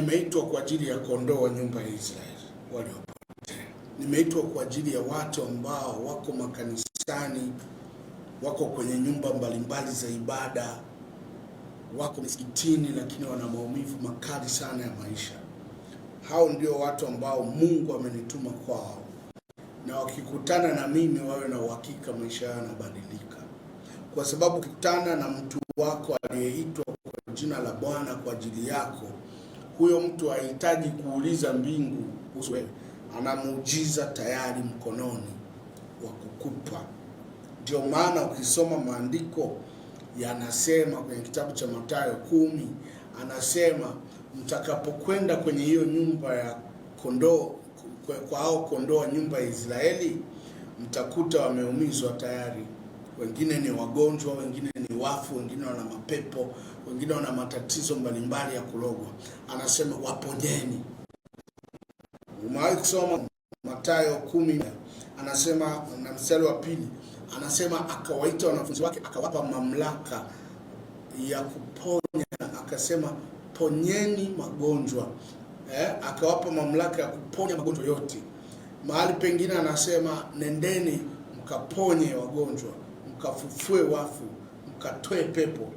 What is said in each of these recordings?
Nimeitwa kwa ajili ya kondoo wa nyumba ya Israeli waliopotea. Nimeitwa kwa ajili ya watu ambao wako makanisani, wako kwenye nyumba mbalimbali za ibada, wako misikitini, lakini wana maumivu makali sana ya maisha. Hao ndio watu ambao Mungu amenituma kwao, na wakikutana na mimi wawe na uhakika maisha yao yanabadilika, kwa sababu ukikutana na mtu wako aliyeitwa kwa jina la Bwana kwa ajili yako huyo mtu hahitaji kuuliza mbingu kuhusu wewe, ana muujiza tayari mkononi wa kukupa. Ndio maana ukisoma maandiko yanasema kwenye kitabu cha Mathayo kumi, anasema mtakapokwenda kwenye hiyo nyumba ya kondoo, kwa hao kondoo wa nyumba ya Israeli, mtakuta wameumizwa tayari wengine ni wagonjwa, wengine ni wafu, wengine wana mapepo, wengine wana matatizo mbalimbali ya kulogwa. Anasema waponyeni. Umewahi kusoma Mathayo kumi? Anasema na mstari wa pili, anasema akawaita wanafunzi wake akawapa mamlaka ya kuponya, akasema ponyeni magonjwa eh, akawapa mamlaka ya kuponya magonjwa yote. Mahali pengine anasema nendeni mkaponye wagonjwa mkafufue wafu, mkatoe pepo.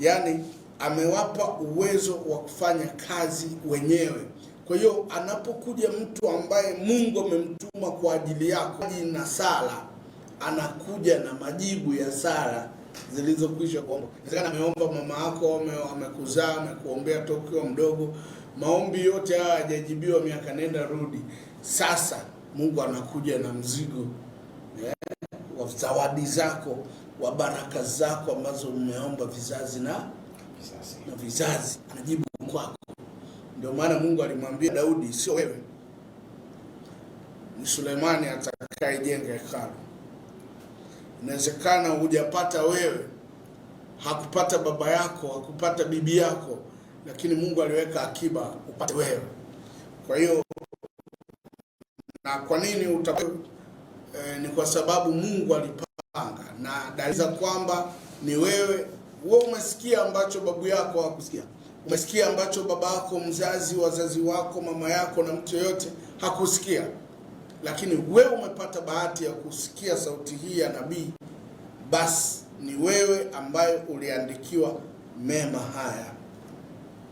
Yaani amewapa uwezo wa kufanya kazi wenyewe. Kwa hiyo anapokuja mtu ambaye Mungu amemtuma kwa ajili yako na sala, anakuja na majibu ya sala zilizokwisha kuomba. Inawezekana ameomba mama yako, amekuzaa, amekuombea toka ukiwa mdogo. Maombi yote haya hayajajibiwa, miaka nenda rudi. Sasa Mungu anakuja na mzigo yeah zawadi zako wa baraka zako ambazo umeomba vizazi na vizazi, na vizazi. Anajibu kwako. Ndio maana Mungu alimwambia Daudi, sio wewe, ni Sulemani atakayejenga hekalu. Inawezekana hujapata wewe, hakupata baba yako, hakupata bibi yako, lakini Mungu aliweka akiba upate wewe. Kwa hiyo na kwa nini uta Eh, ni kwa sababu Mungu alipanga na daliza kwamba ni wewe. Wewe umesikia ambacho babu yako hakusikia, umesikia ambacho baba yako mzazi, wazazi wako, mama yako na mtu yoyote hakusikia, lakini wewe umepata bahati ya kusikia sauti hii ya nabii, basi ni wewe ambaye uliandikiwa mema haya.